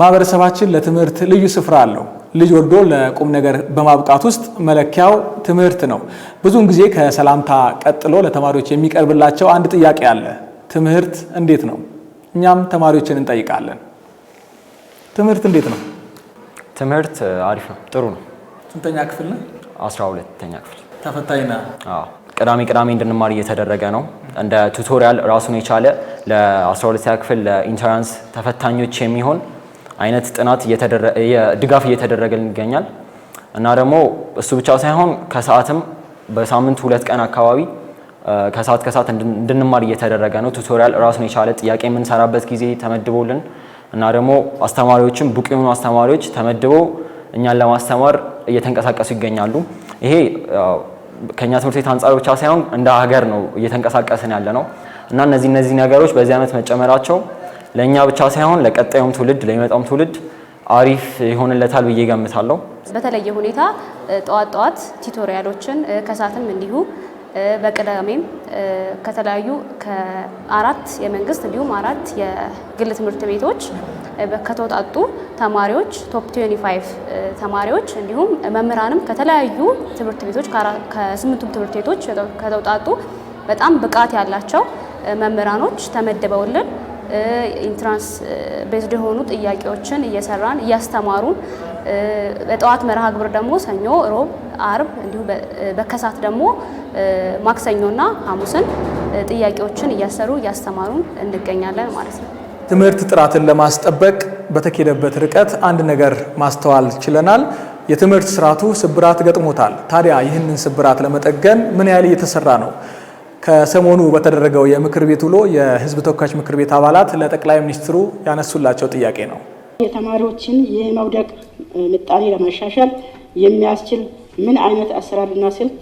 ማህበረሰባችን ለትምህርት ልዩ ስፍራ አለው። ልጅ ወልዶ ለቁም ነገር በማብቃት ውስጥ መለኪያው ትምህርት ነው። ብዙውን ጊዜ ከሰላምታ ቀጥሎ ለተማሪዎች የሚቀርብላቸው አንድ ጥያቄ አለ። ትምህርት እንዴት ነው? እኛም ተማሪዎችን እንጠይቃለን። ትምህርት እንዴት ነው? ትምህርት አሪፍ ነው፣ ጥሩ ነው። ስንተኛ ክፍል ነው? አስራ ሁለተኛ ክፍል ተፈታኝና ቅዳሜ ቅዳሜ እንድንማር እየተደረገ ነው። እንደ ቱቶሪያል ራሱን የቻለ ለ12ኛ ክፍል ለኢንተራንስ ተፈታኞች የሚሆን አይነት ጥናት ድጋፍ እየተደረገልን ይገኛል እና ደግሞ እሱ ብቻ ሳይሆን ከሰዓትም በሳምንት ሁለት ቀን አካባቢ ከሰዓት ከሰዓት እንድንማር እየተደረገ ነው። ቱቶሪያል ራሱን የቻለ ጥያቄ የምንሰራበት ጊዜ ተመድቦልን እና ደግሞ አስተማሪዎችም ብቁ የሆኑ አስተማሪዎች ተመድበው እኛን ለማስተማር እየተንቀሳቀሱ ይገኛሉ። ይሄ ከኛ ትምህርት ቤት አንጻር ብቻ ሳይሆን እንደ ሀገር ነው እየተንቀሳቀስን ያለ ነው እና እነዚህ እነዚህ ነገሮች በዚህ ዓመት መጨመራቸው ለእኛ ብቻ ሳይሆን ለቀጣዩም ትውልድ ለሚመጣውም ትውልድ አሪፍ ይሆንለታል ብዬ ገምታለሁ። በተለየ ሁኔታ ጠዋት ጠዋት ቲቶሪያሎችን ከሰዓትም እንዲሁ በቅዳሜም ከተለያዩ ከአራት የመንግስት እንዲሁም አራት የግል ትምህርት ቤቶች ከተወጣጡ ተማሪዎች ቶፕ 25 ተማሪዎች እንዲሁም መምህራንም ከተለያዩ ትምህርት ቤቶች ከስምንቱም ትምህርት ቤቶች ከተውጣጡ በጣም ብቃት ያላቸው መምህራኖች ተመድበውልን ኢንትራንስ ቤዝድ የሆኑ ጥያቄዎችን እየሰራን እያስተማሩን በጠዋት መርሃ ግብር ደግሞ ሰኞ፣ ሮብ፣ አርብ እንዲሁም በከሳት ደግሞ ማክሰኞና ሐሙስን ጥያቄዎችን እያሰሩ እያስተማሩን እንገኛለን ማለት ነው። ትምህርት ጥራትን ለማስጠበቅ በተኬደበት ርቀት አንድ ነገር ማስተዋል ችለናል። የትምህርት ስርዓቱ ስብራት ገጥሞታል። ታዲያ ይህንን ስብራት ለመጠገን ምን ያህል እየተሰራ ነው? ከሰሞኑ በተደረገው የምክር ቤት ውሎ የህዝብ ተወካዮች ምክር ቤት አባላት ለጠቅላይ ሚኒስትሩ ያነሱላቸው ጥያቄ ነው። የተማሪዎችን የመውደቅ ምጣኔ ለማሻሻል የሚያስችል ምን አይነት አሰራርና ስልት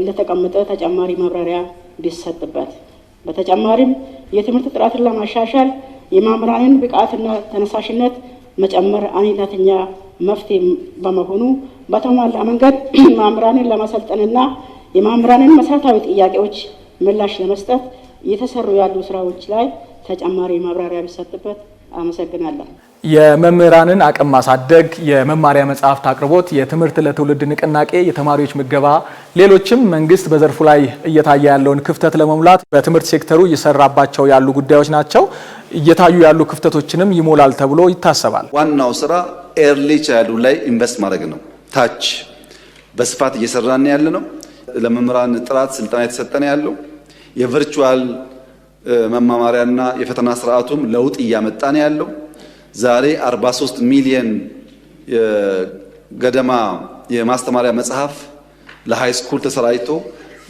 እንደተቀመጠ ተጨማሪ ማብራሪያ ቢሰጥበት። በተጨማሪም የትምህርት ጥራትን ለማሻሻል የመምህራንን ብቃትና ተነሳሽነት መጨመር አይነተኛ መፍትሄ በመሆኑ በተሟላ መንገድ መምህራንን ለማሰልጠንና የመምህራንን መሰረታዊ ጥያቄዎች ምላሽ ለመስጠት እየተሰሩ ያሉ ስራዎች ላይ ተጨማሪ ማብራሪያ ቢሰጥበት አመሰግናለሁ። የመምህራንን አቅም ማሳደግ፣ የመማሪያ መጽሐፍት አቅርቦት፣ የትምህርት ለትውልድ ንቅናቄ፣ የተማሪዎች ምገባ፣ ሌሎችም መንግስት በዘርፉ ላይ እየታየ ያለውን ክፍተት ለመሙላት በትምህርት ሴክተሩ እየሰራባቸው ያሉ ጉዳዮች ናቸው። እየታዩ ያሉ ክፍተቶችንም ይሞላል ተብሎ ይታሰባል። ዋናው ስራ ኤርሊ ቻይልዱ ላይ ኢንቨስት ማድረግ ነው። ታች በስፋት እየሰራን ያለ ነው። ለመምህራን ጥራት ስልጠና የተሰጠነ ያለው የቨርቹዋል መማማሪያና የፈተና ስርዓቱም ለውጥ እያመጣ ነው ያለው። ዛሬ 43 ሚሊየን ገደማ የማስተማሪያ መጽሐፍ ለሃይ ስኩል ተሰራጭቶ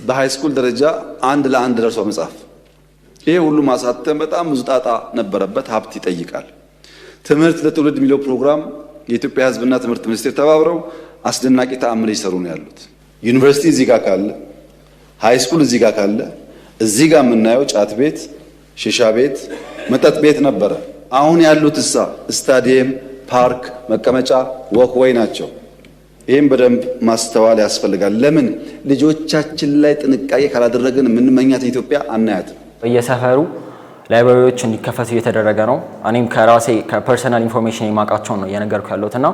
በሃይ ስኩል ደረጃ አንድ ለአንድ ደርሶ መጽሐፍ። ይሄ ሁሉ ማሳተም በጣም ብዙ ጣጣ ነበረበት፣ ሀብት ይጠይቃል። ትምህርት ለትውልድ የሚለው ፕሮግራም የኢትዮጵያ ሕዝብና ትምህርት ሚኒስቴር ተባብረው አስደናቂ ተአምር ይሰሩ ነው ያሉት። ዩኒቨርሲቲ እዚህ ጋር ካለ ሃይ ስኩል እዚህ ጋር ካለ እዚህ ጋር የምናየው ጫት ቤት፣ ሽሻ ቤት፣ መጠጥ ቤት ነበረ። አሁን ያሉት እሳ ስታዲየም፣ ፓርክ፣ መቀመጫ፣ ወክወይ ናቸው። ይህም በደንብ ማስተዋል ያስፈልጋል። ለምን ልጆቻችን ላይ ጥንቃቄ ካላደረግን የምንመኛት ኢትዮጵያ አናያትም። በየሰፈሩ ላይብራሪዎች እንዲከፈቱ እየተደረገ ነው። እኔም ከራሴ ከፐርሰናል ኢንፎርሜሽን የማውቃቸውን ነው እየነገርኩ ያለሁትና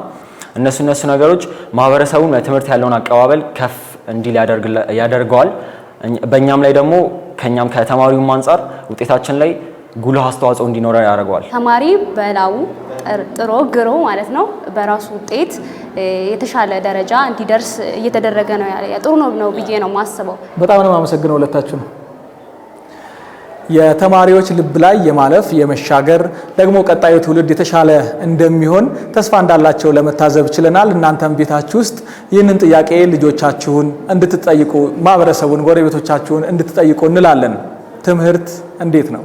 እነሱ እነሱ ነገሮች ማህበረሰቡም ለትምህርት ያለውን አቀባበል ከፍ እንዲል ያደርገዋል። በእኛም ላይ ደግሞ ከኛም ከተማሪውም አንጻር ውጤታችን ላይ ጉልህ አስተዋጽኦ እንዲኖረ ያደርገዋል። ተማሪ በላቡ ጥሮ ግሮ ማለት ነው በራሱ ውጤት የተሻለ ደረጃ እንዲደርስ እየተደረገ ነው። ጥሩ ነው ብዬ ነው የማስበው። በጣም ነው የማመሰግነው ሁለታችሁ ነው የተማሪዎች ልብ ላይ የማለፍ የመሻገር ደግሞ ቀጣዩ ትውልድ የተሻለ እንደሚሆን ተስፋ እንዳላቸው ለመታዘብ ችለናል። እናንተም ቤታችሁ ውስጥ ይህንን ጥያቄ ልጆቻችሁን እንድትጠይቁ፣ ማህበረሰቡን፣ ጎረቤቶቻችሁን እንድትጠይቁ እንላለን። ትምህርት እንዴት ነው?